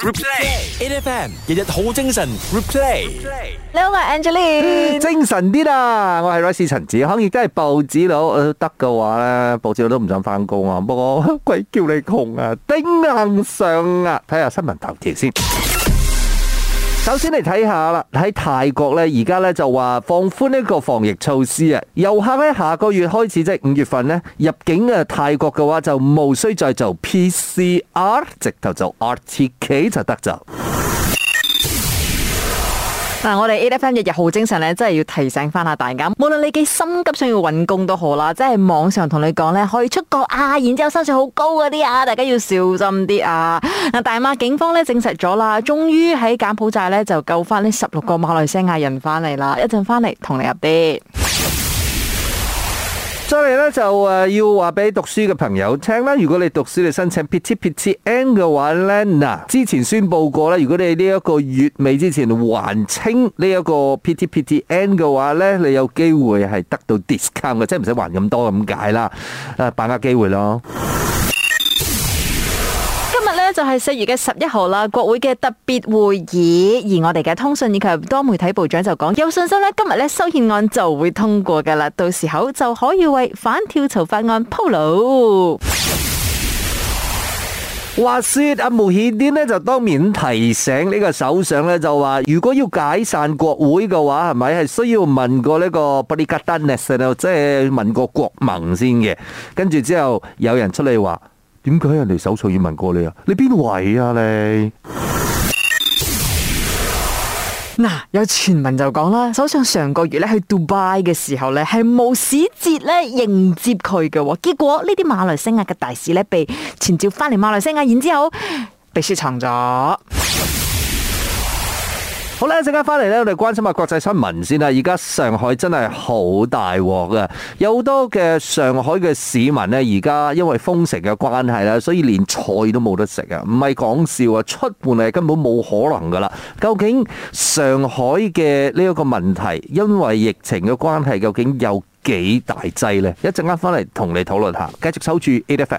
Replay A F M 日日好精神。Replay，好、嗯啊，我係 Angelina，精神啲啦。我係 Rice 陳子康，亦都係報紙佬。得、呃、嘅話咧，報紙佬都唔想翻工啊。不過鬼叫你窮啊，頂硬上啊！睇下新聞頭條先。首先嚟睇下啦，喺泰國呢，而家呢就話放寬呢個防疫措施啊，遊客喺下個月開始即係五月份呢入境嘅泰國嘅話就無需再做 PCR，直頭就 RTK 就得就。嗱、啊，我哋 a f m 日日好精神咧，真係要提醒翻下大家。無論你幾心急想要搵工都好啦，即係網上同你講咧可以出國啊，然之後薪水好高嗰啲啊，大家要小心啲啊，啊。大馬警方咧證實咗啦，終於喺柬埔寨咧就救翻呢十六個馬來西亞人翻嚟啦，一陣翻嚟同你入啲。所以咧，就誒要話俾讀書嘅朋友聽啦，如果你讀書嚟申請 PTPTN 嘅話咧，嗱之前宣布過啦，如果你呢一個月尾之前還清呢一個 PTPTN 嘅話咧，你有機會係得到 discount 嘅，即係唔使還咁多咁解啦，誒把握機會咯。就係四月嘅十一號啦，國會嘅特別會議，而我哋嘅通訊以及多媒體部長就講有信心呢，今日呢修憲案就會通過嘅啦，到時候就可以為反跳槽法案鋪路。話說阿慕尤丁呢，就當面提醒呢個首相呢，就話如果要解散國會嘅話，係咪係需要問過呢、這個布里格丹呢？即係問過國盟先嘅，跟住之後有人出嚟話。點解人哋首相要問過你啊？你邊位啊你？嗱、啊，有傳聞就講啦，首相上個月咧去杜拜嘅時候咧，係無使節咧迎接佢嘅，結果呢啲馬來西亞嘅大使咧被傳召翻嚟馬來西亞，然之後被雪藏咗。好啦，一陣間翻嚟咧，我哋關心下國際新聞先啦。而家上海真係好大鑊嘅，有好多嘅上海嘅市民呢，而家因為封城嘅關係啦，所以連菜都冇得食啊，唔係講笑啊，出門係根本冇可能噶啦。究竟上海嘅呢一個問題，因為疫情嘅關係，究竟有幾大劑呢？一陣間翻嚟同你討論下，繼續收住 A Def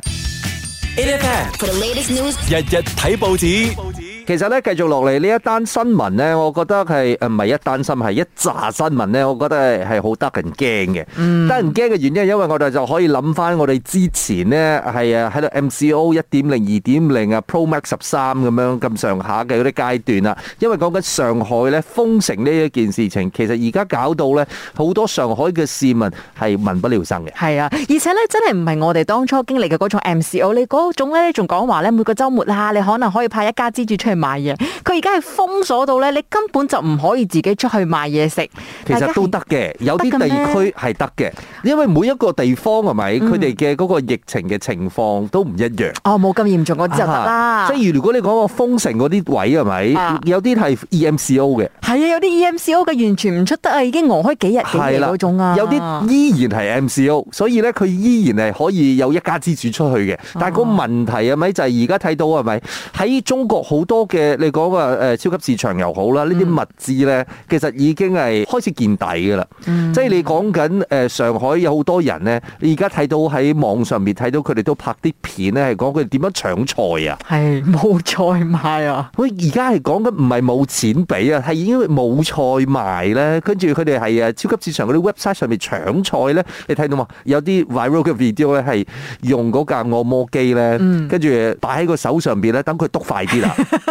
A Def For the latest news，日日睇報紙。報紙其實咧，繼續落嚟，呢一單新聞咧，我覺得係誒唔係一單新聞，係一扎新聞咧，我覺得係好、嗯、得人驚嘅。得人驚嘅原因，因為我哋就可以諗翻我哋之前呢，係喺度 MCO 一點零、二點零啊 Pro Max 十三，咁樣咁上下嘅嗰啲階段啊。因為講緊上海咧封城呢一件事情，其實而家搞到咧好多上海嘅市民係民不聊生嘅。係啊，而且咧真係唔係我哋當初經歷嘅嗰種 MCO，你嗰種咧仲講話咧每個周末啊，你可能可以派一家之主出嚟。買嘢，佢而家係封鎖到咧，你根本就唔可以自己出去買嘢食。其實都得嘅，有啲地區係得嘅，因為每一個地方係咪佢哋嘅嗰個疫情嘅情況都唔一樣。哦，冇咁嚴重嗰啲就得啦。即係、啊、如果你講個封城嗰啲位係咪、啊？有啲係 EMCO 嘅，係啊，有啲 EMCO 嘅完全唔出得啊，已經餓開幾日幾夜嗰種啊。有啲依然係 MCO，所以咧佢依然係可以有一家之主出去嘅。但係個問題係咪就係而家睇到係咪喺中國好多？嘅你講話誒超級市場又好啦，呢啲物資咧其實已經係開始見底㗎喇。即係、嗯、你講緊誒上海有好多人咧，你而家睇到喺網上面睇到佢哋都拍啲片咧，係講佢哋點樣搶菜啊？係冇菜賣啊！喂，而家係講緊唔係冇錢俾啊，係已經冇菜賣咧。跟住佢哋係誒超級市場嗰啲 website 上面搶菜咧，你睇到嘛？有啲 viral 嘅 video 咧係用嗰架按摩機咧，跟住擺喺個手上邊咧，等佢篤快啲啦。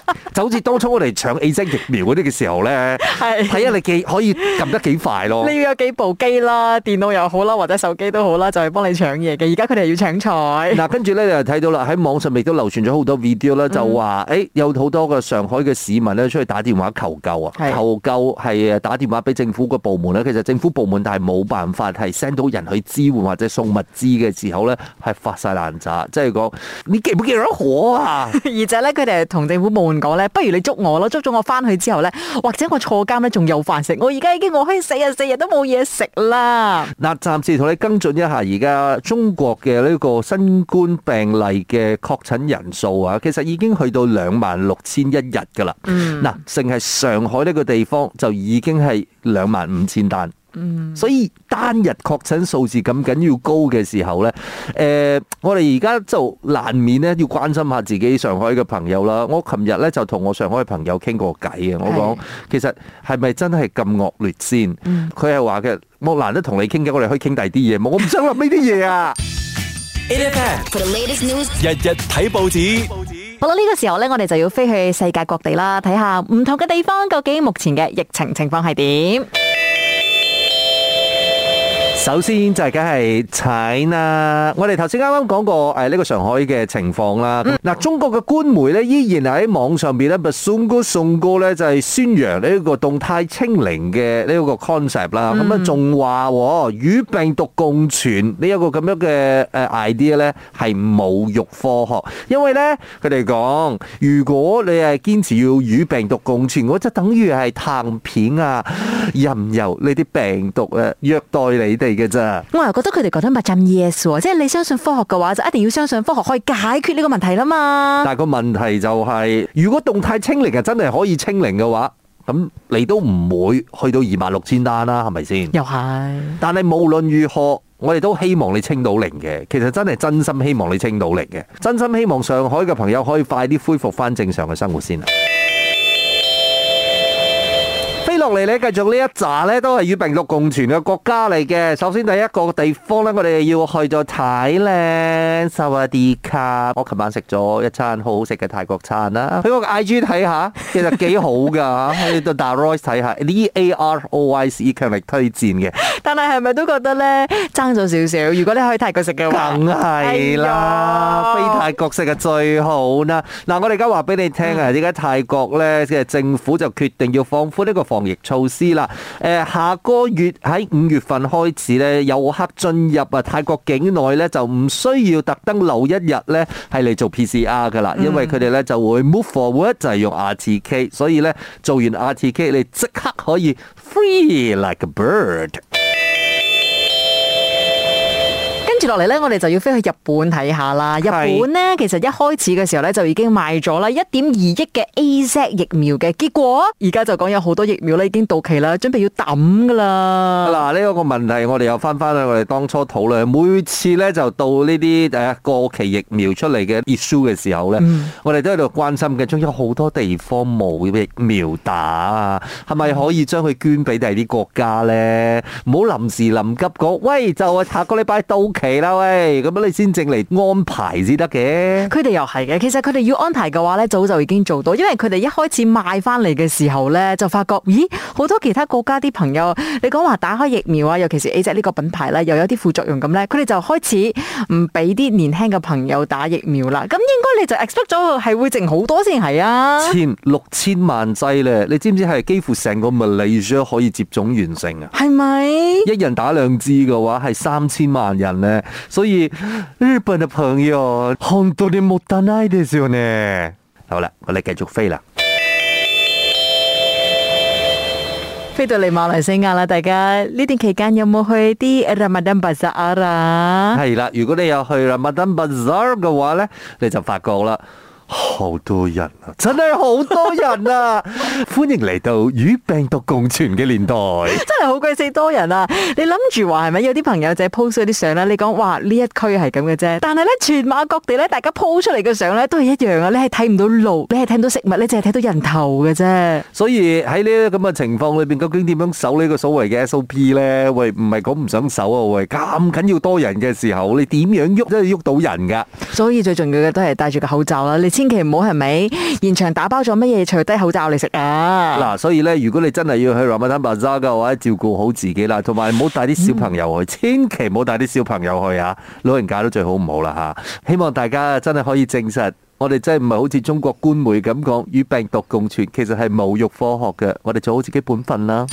就好似當初我哋搶 A 劑疫苗嗰啲嘅時候咧，睇下 是你幾可以撳得幾快咯。你要有幾部機啦，電腦又好啦，或者手機都好啦，就係、是、幫你搶嘢嘅。而家佢哋要搶菜。嗱、 啊，跟住咧你就睇到啦，喺網上面都流傳咗好多 video 啦，就話誒、嗯欸、有好多嘅上海嘅市民咧出去打電話求救啊，是求救係打電話俾政府嘅部門咧。其實政府部門但係冇辦法係 send 到人去支援或者送物資嘅時候咧，係發晒爛渣，即係講你記唔記得火啊？ 而且咧佢哋係同政府部門。不如你捉我咯，捉咗我翻去之後呢，或者我坐監呢仲有飯食。我而家已經我可以四日四日都冇嘢食啦。嗱，暫時同你跟進一下而家中國嘅呢個新冠病例嘅確診人數啊，其實已經去到兩萬六千一日噶啦。嗱、嗯，淨係上海呢個地方就已經係兩萬五千單。所以單日確診數字咁緊要高嘅時候咧，誒、呃，我哋而家就難免咧要關心下自己上海嘅朋友啦。我琴日咧就同我上海嘅朋友傾過偈啊，我講，其實係咪真係咁惡劣先？佢係話嘅，我難得同你傾偈，我哋可以傾第啲嘢，我唔想諗呢啲嘢啊。 日日睇報紙。好啦，呢、這個時候咧，我哋就要飛去世界各地啦，睇下唔同嘅地方究竟目前嘅疫情情況係點。首先就梗係請啦，我哋頭先啱啱講過誒，呢、這個上海嘅情況啦。嗱，mm. 中國嘅官媒咧依然喺網上邊咧，送歌送歌咧就係、是、宣揚呢個動態清零嘅呢個 concept 啦。咁啊、mm.，仲話與病毒共存，你有一個咁樣嘅誒 idea 咧係侮辱科學。因為咧，佢哋講，如果你係堅持要與病毒共存，我就等於係躺平啊，任由呢啲病毒啊虐待你哋。我又覺得佢哋覺得物浸 yes 喎，即係你相信科學嘅話，就一定要相信科學可以解決呢個問題啦嘛。但係個問題就係、是，如果動態清零係真係可以清零嘅話，咁你都唔會去到二萬六千單啦，係咪先？又係是，但係無論如何，我哋都希望你清到零嘅。其實真係真心希望你清到零嘅，真心希望上海嘅朋友可以快啲恢復翻正常嘅生活先。.落嚟咧，繼續呢一集咧，都係與病毒共存嘅國家嚟嘅。首先第一個地方咧，我哋要去咗睇咧，沙瓦迪卡。我琴晚食咗一餐好好食嘅泰國餐啦。去個 IG 睇下，其實幾好噶。去到 d a r o e 睇下，呢 A R O S 強力推薦嘅。但係係咪都覺得咧爭咗少少？如果你可以去泰國食嘅話，梗係 啦，哎、呦 非泰國食嘅最好啦。嗱， 我哋而家話俾你聽啊，而家泰國咧即係政府就決定要放寬呢個防疫。措施啦，誒下個月喺五月份開始咧，遊客進入啊泰國境內咧就唔需要特登留一日咧係嚟做 PCR 㗎啦，mm. 因為佢哋咧就會 move forward 就係用 RTK，所以咧做完 RTK 你即刻可以 free like a bird。接落嚟咧，我哋就要飛去日本睇下啦。日本咧，其實一開始嘅時候咧就已經賣咗啦，一點二億嘅 AZ 疫苗嘅。結果而家就講有好多疫苗咧已經到期啦，準備要抌噶啦。嗱，呢一個問題，我哋又翻翻去我哋當初討論，每次咧就到呢啲誒過期疫苗出嚟嘅 issue 嘅時候咧，我哋都喺度關心嘅，中有好多地方冇疫苗打啊，係咪可以將佢捐俾第啲國家咧？唔好臨時臨急講，喂，就係下個禮拜到期。啦喂，咁你先正嚟安排先得嘅。佢哋又係嘅，其實佢哋要安排嘅話咧，早就已經做到，因為佢哋一開始賣翻嚟嘅時候咧，就發覺咦，好多其他國家啲朋友，你講話打開疫苗啊，尤其是 AZ 呢個品牌咧，又有啲副作用咁咧，佢哋就開始唔俾啲年輕嘅朋友打疫苗啦。咁應該你就 expect 咗係會剩好多先係啊，千六千萬劑咧，你知唔知係幾乎成個 Malaysia 可以接種完成啊？係咪一人打兩支嘅話，係三千萬人咧？所以日本的朋友好多啲冇得耐嘅時候呢，好啦，我哋繼續飛啦，飛到嚟馬來西亞啦，大家呢段期間有冇去啲阿麥登布扎啊？係啦，如果你有去阿麥登布扎嘅話咧，你就發覺啦。好多人啊，真係好多人啊！ 歡迎嚟到與病毒共存嘅年代，真係好鬼死多人啊！你諗住話係咪有啲朋友仔 post 咗啲相啦？你講哇呢一區係咁嘅啫，但係咧全馬各地咧，大家 post 出嚟嘅相咧都係一樣啊！你係睇唔到路，你係睇唔到食物，你淨係睇到人頭嘅啫。所以喺呢啲咁嘅情況裏邊，究竟點樣守呢個所謂嘅 SOP 咧？喂，唔係講唔想守啊！喂，咁緊要多人嘅時候，你點樣喐，都係喐到人噶。所以最重要嘅都係戴住個口罩啦，你。千祈唔好係咪？現場打包咗乜嘢？除低口罩嚟食啊！嗱，所以咧，如果你真係要去 Ramadan Bazaar 嘅話，照顧好自己啦，同埋唔好帶啲小朋友去，千祈唔好帶啲小朋友去啊！老人家都最好唔好啦吓！希望大家真係可以證實，我哋真係唔係好似中國官媒咁講與病毒共存，其實係侮辱科學嘅。我哋做好自己本分啦。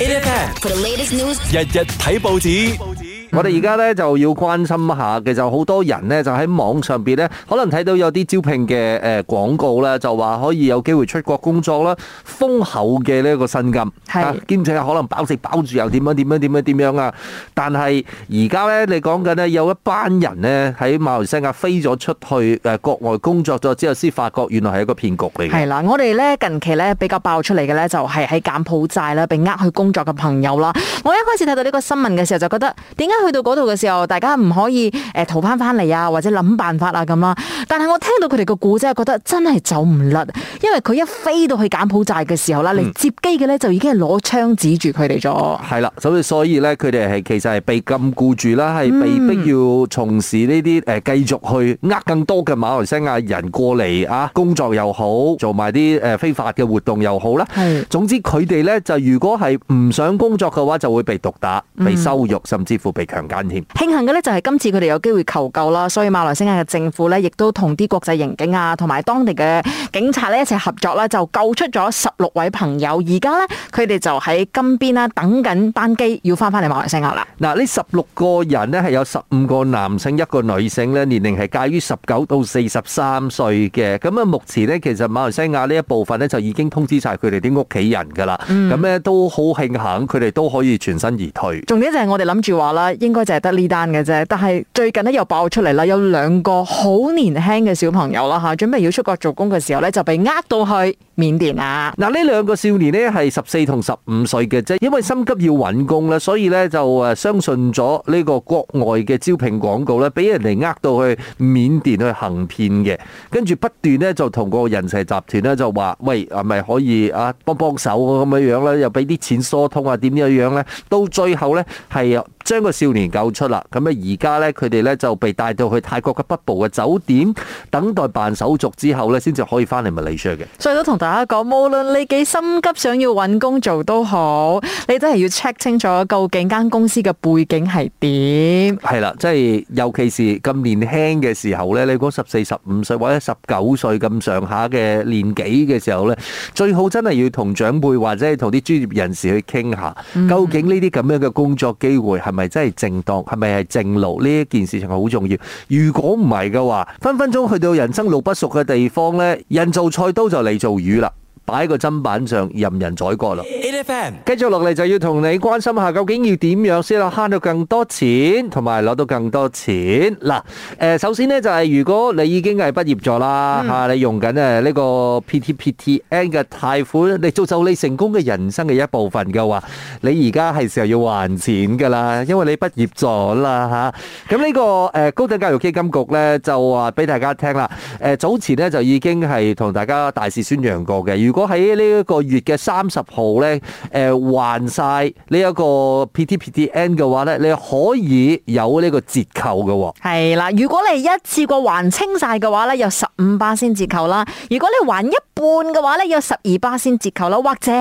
日日睇報紙。我哋而家咧就要關心一下，其實好多人呢，就喺網上邊呢，可能睇到有啲招聘嘅誒廣告咧，就話可以有機會出國工作啦，豐厚嘅呢一個薪金，係兼且可能包食包住又點樣點樣點樣點樣啊！但係而家呢，你講緊呢，有一班人呢，喺馬來西亞飛咗出去誒國外工作咗之後，先發覺原來係一個騙局嚟嘅。係啦，我哋呢，近期呢，比較爆出嚟嘅呢，就係喺柬埔寨啦，被呃去工作嘅朋友啦。我一開始睇到呢個新聞嘅時候，就覺得點解？去到嗰度嘅時候，大家唔可以誒逃返翻嚟啊，或者諗辦法啊咁啦。但係我聽到佢哋嘅故事，真係覺得真係走唔甩，因為佢一飛到去柬埔寨嘅時候啦，嚟、嗯、接機嘅咧就已經係攞槍指住佢哋咗。係啦，所以所以咧，佢哋係其實係被禁錮住啦，係被逼要從事呢啲誒繼續去呃更多嘅馬來西亞人過嚟啊，工作又好，做埋啲誒非法嘅活動又好啦。是 總之佢哋咧就如果係唔想工作嘅話，就會被毒打、被羞辱，甚至乎被。強姦添，慶幸嘅咧就係今次佢哋有機會求救啦，所以馬來西亞嘅政府咧亦都同啲國際刑警啊，同埋當地嘅警察咧一齊合作啦，就救出咗十六位朋友。而家咧佢哋就喺金邊啦，等緊班機要翻翻嚟馬來西亞啦。嗱，呢十六個人呢，係有十五個男性，一個女性咧，年齡係介於十九到四十三歲嘅。咁啊，目前呢，其實馬來西亞呢一部分呢，就已經通知晒佢哋啲屋企人噶啦。咁咧都好慶幸，佢哋都可以全身而退。重點就係我哋諗住話啦。應該就係得呢單嘅啫，但係最近呢，又爆出嚟啦，有兩個好年輕嘅小朋友啦嚇，準備要出國做工嘅時候呢，就被呃到去緬甸啦。嗱，呢兩個少年呢，係十四同十五歲嘅啫，因為心急要揾工啦，所以呢，就誒相信咗呢個國外嘅招聘廣告呢，俾人哋呃到去緬甸去行騙嘅，跟住不斷呢，就同個人蛇集團呢，就話，喂，係咪可以啊幫幫手咁樣樣咧？又俾啲錢疏通啊點樣樣呢？到最後呢，係。將個少年救出啦！咁啊，而家咧，佢哋咧就被帶到去泰國嘅北部嘅酒店，等待辦手續之後咧，先至可以翻嚟馬來西亞嘅。所以都同大家講，無論你幾心急想要揾工做都好，你都係要 check 清楚究竟間公司嘅背景係點。係啦，即係尤其是咁年輕嘅時候咧，你講十四、十五歲或者十九歲咁上下嘅年紀嘅時候咧，最好真係要同長輩或者係同啲專業人士去傾下，究竟呢啲咁樣嘅工作機會係。係咪真係正當？係咪係正路？呢一件事情好重要。如果唔係嘅話，分分鐘去到人生路不熟嘅地方呢，人做菜刀就嚟做魚啦。擺喺個砧板上任人宰割咯。N F 繼續落嚟就要同你關心下，究竟要點樣先可以慳到更多錢，同埋攞到更多錢？嗱，誒，首先呢，就係如果你已經係畢業咗啦，吓、嗯，你用緊誒呢個 P T P T N 嘅貸款，你做就你成功嘅人生嘅一部分嘅話，你而家係時候要還錢噶啦，因為你畢業咗啦，吓。咁呢個誒高等教育基金局呢，就話俾大家聽啦，誒，早前呢，就已經係同大家大肆宣揚過嘅，如如果喺呢一個月嘅三十號咧，誒、呃、還晒呢一個 PTPTN 嘅話咧，你可以有呢個折扣嘅喎、哦。係啦，如果你係一次過還清晒嘅話咧，有十五巴先折扣啦；如果你還一半嘅話咧，有十二巴先折扣啦。或者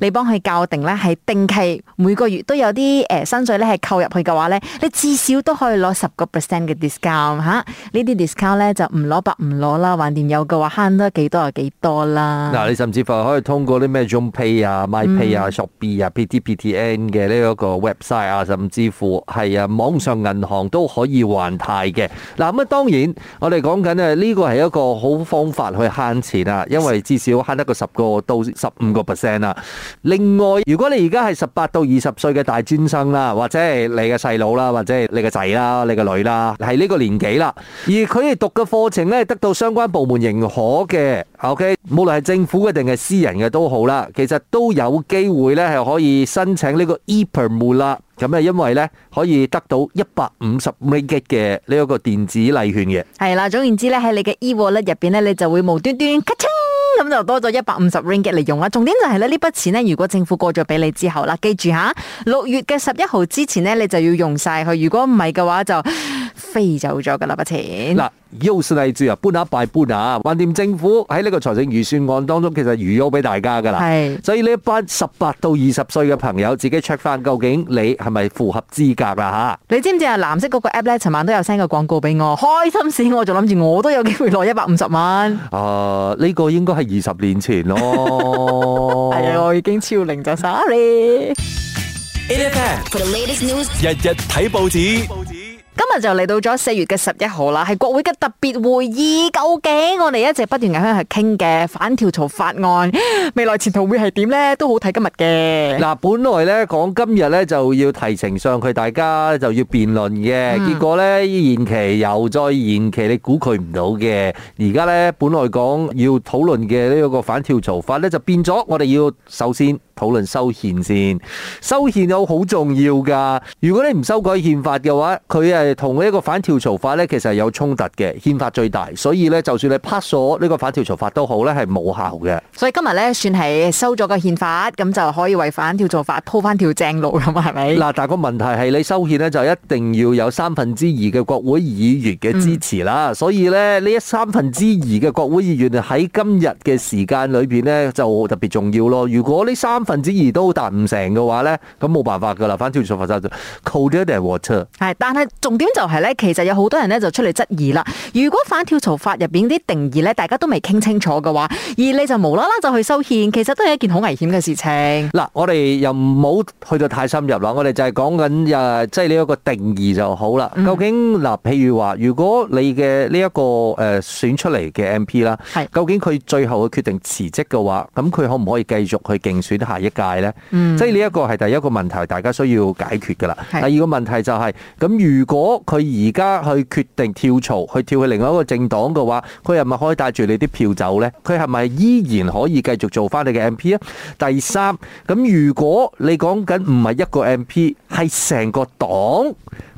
你幫佢校定咧，係定期每個月都有啲誒薪水咧係扣入去嘅話咧，你至少都可以攞十個 percent 嘅 discount 嚇。呢啲 discount 咧、啊、就唔攞白唔攞啦，還掂有嘅話慳得幾多就幾多啦。嗱，你甚至乎可以通過啲咩 JomPAY 啊、MyPay 啊、Shopee 啊、PTPTN 嘅呢一個 website 啊，甚至乎係啊網上銀行都可以還貸嘅。嗱咁啊，當然我哋講緊咧，呢個係一個好方法去慳錢啊，因為至少慳得個十個到十五個 percent 啦。另外，如果你而家係十八到二十歲嘅大專生啦，或者係你嘅細佬啦，或者係你嘅仔啦、你嘅女啦，係呢個年紀啦，而佢哋讀嘅課程咧得到相關部門認可嘅。OK，無論係政府。一定係私人嘅都好啦，其實都有機會咧係可以申請呢個 ePemula 啦。咁咧、erm、因為咧可以得到一百五十 Ringgit 嘅呢一個電子禮券嘅。係啦，總言之咧喺你嘅 e-wallet 入邊咧，你就會無端端咔嚓咁就多咗一百五十 Ringgit 嚟用啊。重點就係咧呢筆錢咧，如果政府過咗俾你之後啦，記住吓六月嘅十一號之前咧，你就要用晒佢。如果唔係嘅話就，飛走咗噶啦，筆錢嗱，要住啊，搬下拜搬下，橫掂政府喺呢個財政預算案當中，其實預咗俾大家噶啦，係是，所以呢一班十八到二十歲嘅朋友，自己 check 翻，究竟你係咪符合資格啊吓？你知唔知啊？藍色嗰個 app 咧，尋晚都有 send 個廣告俾我，開心死我，就諗住我都有機會攞一百五十萬。誒、呃，呢、這個應該係二十年前咯，係啊、 哎，我已經超齡就 sorry 日日睇報紙。報紙今日就嚟到咗四月嘅十一號啦，係國會嘅特別會議。究竟我哋一直不斷喺度傾嘅反跳槽法案，未來前途會係點呢？都好睇今日嘅。嗱，本來呢講今日呢就要提呈上佢，大家就要辯論嘅，結果呢，延期又再延期，你估佢唔到嘅。而家呢，本來講要討論嘅呢個反跳槽法呢，就變咗我哋要首先。討論修憲先，修憲有好重要噶。如果你唔修改憲法嘅話，佢係同呢一個反跳槽法呢，其實係有衝突嘅。憲法最大，所以呢，就算你 pass 咗，er、呢個反跳槽法都好呢，係冇效嘅。所以今日呢，算係收咗個憲法，咁就可以為反跳槽法鋪翻條正路，係咪？嗱，但個問題係你修憲呢，就一定要有三分之二嘅國會議員嘅支持啦。嗯、所以呢，呢一三分之二嘅國會議員喺今日嘅時間裏邊呢，就特別重要咯。如果呢三分之二都達唔成嘅話呢，咁冇辦法噶啦，反跳槽法就靠啲一定係臥車。係，但係重點就係呢。其實有好多人呢就出嚟質疑啦。如果反跳槽法入邊啲定義呢，大家都未傾清楚嘅話，而你就無啦啦就去修憲，其實都係一件好危險嘅事情。嗱，我哋又唔好去到太深入啦，我哋就係講緊誒，即係呢一個定義就好啦。究竟嗱，譬如話，如果你嘅呢一個誒選出嚟嘅 MP 啦，係，究竟佢最後嘅決定辭職嘅話，咁佢可唔可以繼續去競選下一屆咧，即係呢一個係第一個問題，大家需要解決噶啦。第二個問題就係，咁如果佢而家去決定跳槽，去跳去另外一個政黨嘅話，佢係咪可以帶住你啲票走呢？佢係咪依然可以繼續做翻你嘅 M P 啊？第三，咁如果你講緊唔係一個 M P，係成個黨。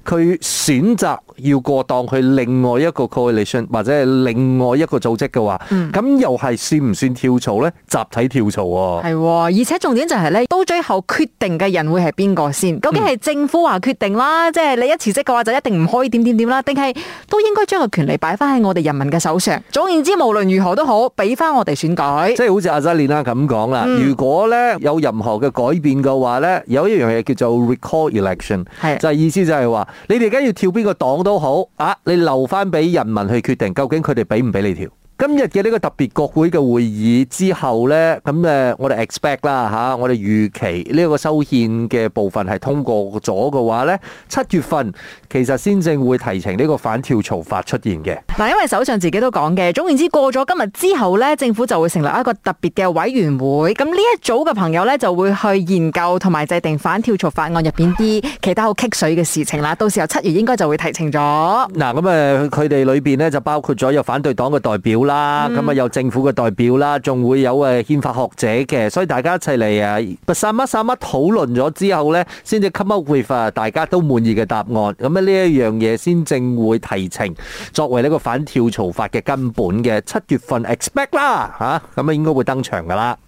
佢選擇要過檔去另外一個 coalition 或者係另外一個組織嘅話，咁、嗯、又係算唔算跳槽呢？集體跳槽喎、啊。係喎、哦，而且重點就係、是、呢，到最後決定嘅人會係邊個先？究竟係政府話決定啦，嗯、即係你一辭職嘅話就一定唔可以點點點啦，定係都應該將個權利擺翻喺我哋人民嘅手上。總言之，無論如何都好，俾翻我哋選舉。即係好似阿扎蓮啦咁講啦，嗯、如果呢有任何嘅改變嘅話呢有一樣嘢叫做 recall election，是就係意思就係話。你哋而家要跳邊個黨都好啊，你留翻俾人民去決定，究竟佢哋俾唔俾你跳？今日嘅呢個特別國會嘅會議之後咧，咁誒，我哋 expect 啦吓，我哋預期呢個修憲嘅部分係通過咗嘅話咧，七月份其實先至會提呈呢個反跳槽法出現嘅。嗱，因為首相自己都講嘅，總言之，過咗今日之後咧，政府就會成立一個特別嘅委員會，咁呢一組嘅朋友咧就會去研究同埋制定反跳槽法案入邊啲其他好棘水嘅事情啦。到時候七月應該就會提呈咗。嗱，咁誒，佢哋裏邊咧就包括咗有反對黨嘅代表。啦，咁啊、嗯、有政府嘅代表啦，仲會有誒憲法學者嘅。所以大家一齊嚟啊，散乜散乜討論咗之後呢，先至 come up with 大家都滿意嘅答案，咁咧呢一樣嘢先正會提呈作為呢個反跳槽法嘅根本嘅，七月份 expect 啦嚇，咁啊應該會登場噶啦。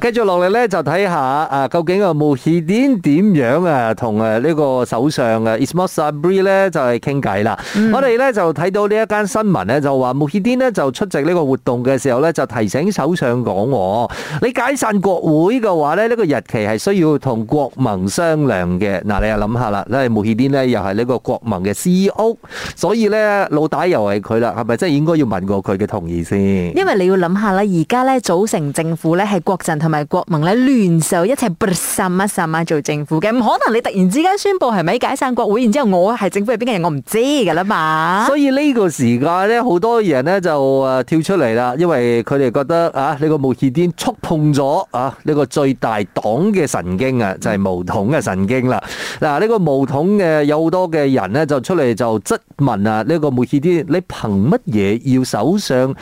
繼續落嚟咧，就睇下啊，究竟阿穆希丁點樣啊，同誒呢個首相誒 Ismail Sabri 咧就係傾偈啦。嗯、我哋咧就睇到呢一間新聞咧，就話穆希丁咧就出席呢個活動嘅時候咧，就提醒首相講：，你解散國會嘅話咧，呢、呢個日期係需要同國盟商量嘅。嗱、啊，你想想、啊 oh、又諗下啦，咧穆希丁咧又係呢個國盟嘅 C E O，所以咧老大又係佢啦，係咪真係應該要問過佢嘅同意先？因為你要諗下啦，而家咧組成政府咧係國陣。同埋國盟咧聯手一齊噏乜噏做政府嘅，唔可能你突然之間宣布係咪解散國會，然之後我係政府係邊個人，我唔知噶啦嘛。所以呢個時間咧，好多人咧就誒跳出嚟啦，因為佢哋覺得啊，呢個慕尤丁觸碰咗啊呢個最大黨嘅神經啊，就係巫統嘅神經啦。嗱，呢個巫統嘅有好多嘅人咧就出嚟就質問啊，呢個慕尤丁，你憑乜嘢要首相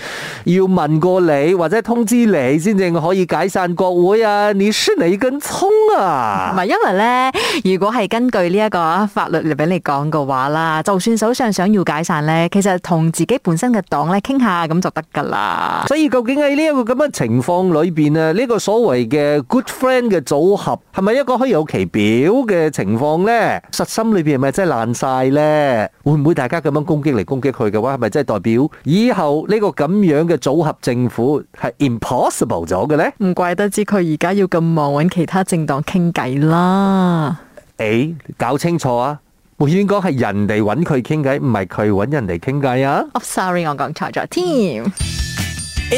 要問過你或者通知你先至可以解散國會啊，你輸你根蔥啊！唔係因為咧，如果係根據呢一個法律嚟俾你講嘅話啦，就算首相想要解散咧，其實同自己本身嘅黨咧傾下咁就得噶啦。所以究竟喺呢一個咁嘅情況裏邊啊，呢個所謂嘅 good friend 嘅組合係咪一個虛有其表嘅情況咧？實心裏邊係咪真係爛晒咧？會唔會大家咁樣攻擊嚟攻擊佢嘅話，係咪真係代表以後呢個咁樣嘅組合政府係 impossible 咗嘅咧？唔怪得。得知佢而家要咁忙揾其他政黨傾偈啦。誒，搞清楚啊！梅軒哥係人哋揾佢傾偈，唔係佢揾人哋傾偈啊。我 sorry，我講錯咗添。日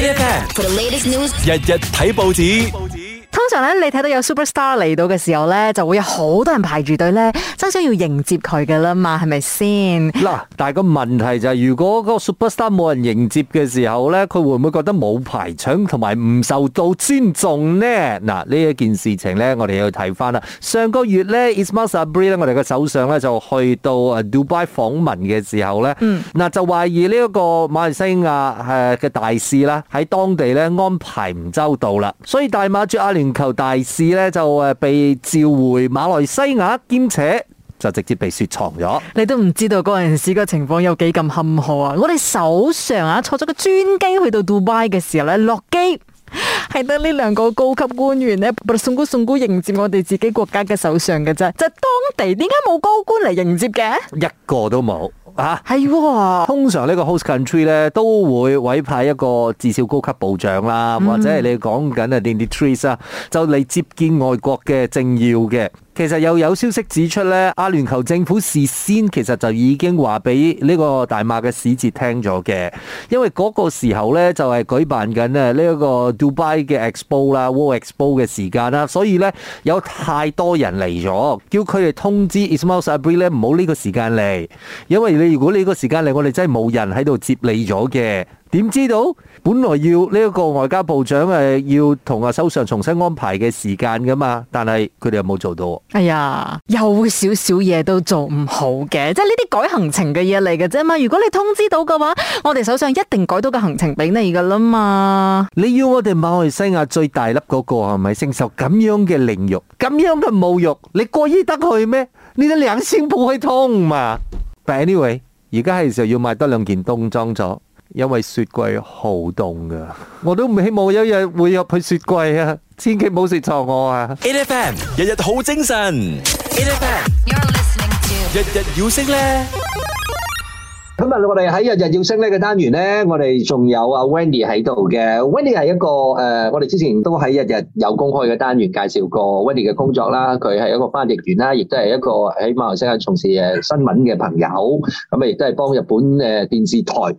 日睇報紙。通常咧，你睇到有 superstar 嚟到嘅時候咧，就會有好多人排住隊咧，真想要迎接佢噶啦嘛，係咪先？嗱，但係個問題就係、是，如果個 superstar 冇人迎接嘅時候咧，佢會唔會覺得冇排場同埋唔受到尊重呢？嗱，呢一件事情咧，我哋要睇翻啦。上個月咧 Ismail Sabri 咧，ri, 我哋嘅首相咧就去到誒 Dubai 訪問嘅時候咧，嗯，嗱就懷疑呢一個馬來西亞誒嘅大使啦喺當地咧安排唔周到啦，所以大馬駐阿聯求大使咧就誒被召回馬來西亞，兼且就直接被雪藏咗。你都唔知道嗰時嘅情況有幾咁坎坷啊！我哋首相啊坐咗個專機去到杜拜嘅時候咧，落機係得呢兩個高級官員咧，宋姑宋姑迎接我哋自己國家嘅首相嘅啫，就當地點解冇高官嚟迎接嘅？一個都冇。啊係喎，是的通常呢個 host country 咧都會委派一個至少高級部長啦，嗯、或者係你講緊啊，d 啲 trips 啊，就嚟接見外國嘅政要嘅。其實又有消息指出咧，阿聯酋政府事先其實就已經話俾呢個大馬嘅使節聽咗嘅，因為嗰個時候咧就係舉辦緊呢一個 Dubai 嘅 Expo 啦 World Expo 嘅時間啦，所以咧有太多人嚟咗，叫佢哋通知 Ismail Sabri 咧唔好呢個時間嚟，因為你如果你呢個時間嚟，我哋真係冇人喺度接你咗嘅。點知道本來要呢一個外交部長誒，要同阿首相重新安排嘅時間噶嘛？但係佢哋又冇做到。哎呀，有少少嘢都做唔好嘅，即係呢啲改行程嘅嘢嚟嘅啫嘛。如果你通知到嘅話，我哋首相一定改到個行程俾你噶啦嘛。你要我哋馬來西亞最大粒嗰個係咪承受咁樣嘅凌辱、咁樣嘅侮辱？你過意得去咩？你啲良心不會痛嘛？But anyway，而家係時候要買多兩件冬裝咗。因為雪櫃好凍噶，我都唔希望有一日會入去雪櫃啊！千祈唔好食錯我啊！A F M 日日好精神，A F M you're listening to 日日要升咧。今日我哋喺日日要升呢個單元咧，我哋仲有阿 Wendy 喺度嘅。Wendy 係一個誒，我哋之前都喺日日有公開嘅單元介紹過 Wendy 嘅工作啦。佢係一個翻譯員啦，亦都係一個喺馬來西亞從事誒新聞嘅朋友。咁誒，亦都係幫日本誒電視台。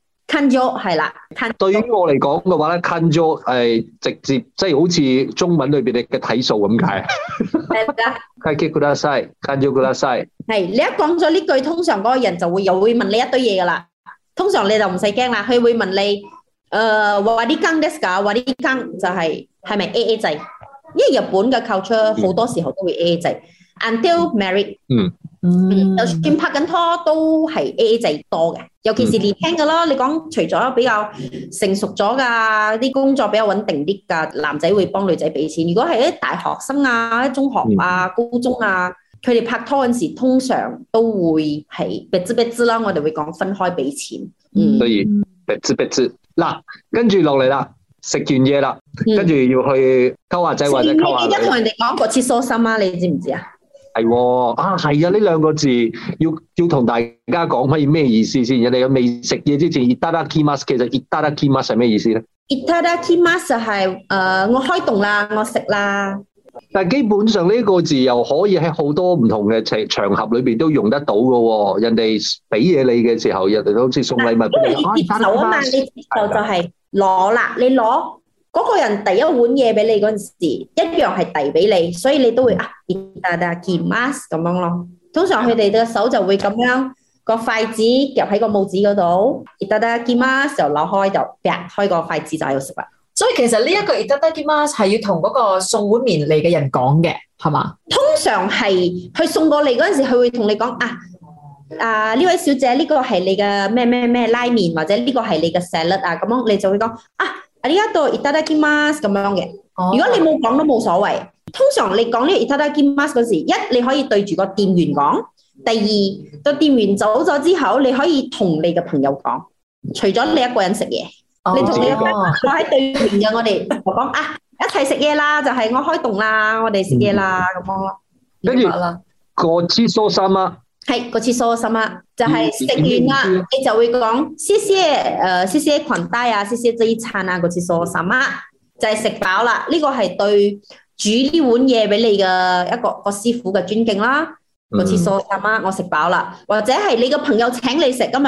Kanjo 係啦，jo, jo, 對於我嚟講嘅話咧，Kanjo 係直接即係、就是、好似中文裏邊嘅嘅睇數咁解啊。你一講咗呢句，通常嗰個人就會又會問你一堆嘢噶啦。通常你就唔使驚啦，佢會問你，誒話啲更ですか，話啲更就係係咪 A A 制，因為日本嘅 culture 好多時候都會 A A 制。Until married，嗯嗯，就、嗯、算拍緊拖都係 A A 制多嘅，尤其是年輕嘅咯。你講除咗比較成熟咗㗎啲工作比較穩定啲㗎，男仔會幫女仔俾錢。如果係啲大學生啊、啲中學啊、嗯、高中啊，佢哋拍拖嗰時，通常都會係逼之逼之啦。我哋會講分開俾錢，嗯，所以逼之逼之。嗱，跟住落嚟啦，食完嘢啦，跟住要去溝下仔或者溝滑。記得同、嗯、人哋講個廁所心啊，你知唔知啊？係，啊係啊！呢兩個字要要同大家講翻，要咩意思先？人哋未食嘢之前，いただきます其實いただきます係咩意思咧？いただきます就係誒，我開動啦，我食啦。但係基本上呢個字又可以喺好多唔同嘅場合裏邊都用得到噶。人哋俾嘢你嘅時候，人哋好似送禮物俾你，因你。因你接受啊嘛，啊你接受就係攞啦，是的，你攞。嗰個人第一碗嘢俾你嗰陣時，一樣係遞俾你，所以你都會啊，得得得，keep mask 咁樣咯。通常佢哋嘅手就會咁樣，個筷子夾喺個拇指嗰度，得得 keep mask 又攞開就劈開個筷子仔去食啦。所以其實呢一個得得 keep mask 係要同嗰個送碗麵嚟嘅人講嘅，係嘛？通常係佢送過嚟嗰陣時，佢會同你講啊，啊呢位小姐，呢個係你嘅咩咩咩拉麵，或者呢個係你嘅 salad 啊，咁樣你就會講啊。啊！依家到 Itadakimas 咁樣嘅，如果你冇講都冇所謂。通常你講呢個 Itadakimas 嗰時，一你可以對住個店員講，第二個店員走咗之後，你可以同你嘅朋友講。除咗你一個人食嘢，你同你個坐喺對面嘅我哋講啊，一齊食嘢啦，就係我開動啦，我哋食嘢啦咁樣咯。跟住，Gochisousama。係嗰次說什麼？就係食完啦，你就會講謝謝，誒，謝謝款待啊，謝謝這一餐啊，嗰次說什麼？就係食飽啦，呢、這個係對煮呢碗嘢俾你嘅一個一個師傅嘅尊敬啦。嗰次說什麼？我食飽啦，或者係你嘅朋友請你食今日。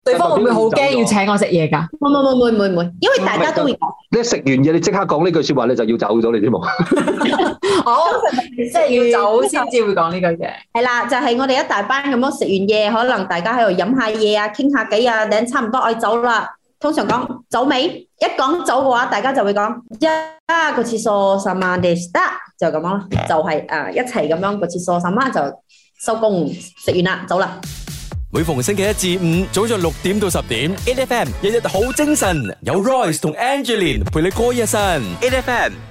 對方會唔會好驚要請我食嘢噶？唔會唔會唔會，因為大家都會。你食完嘢，你即刻講呢句說話，你就要走咗你添喎。我即係要走先至會講呢句嘅。係啦，就係我哋一大班咁樣食完嘢，可能大家喺度飲下嘢啊，傾下偈啊，等差唔多我走啦。通常講走尾，一講走嘅話，大家就會講一個廁所十蚊。得就咁樣，就係誒一齊咁樣個廁所十蚊就收工，食完啦，走啦。每逢星期一至五，早上六點到十點，A F M 日日好精神，有 Royce 同 Angelina 陪你過一晨，A F M。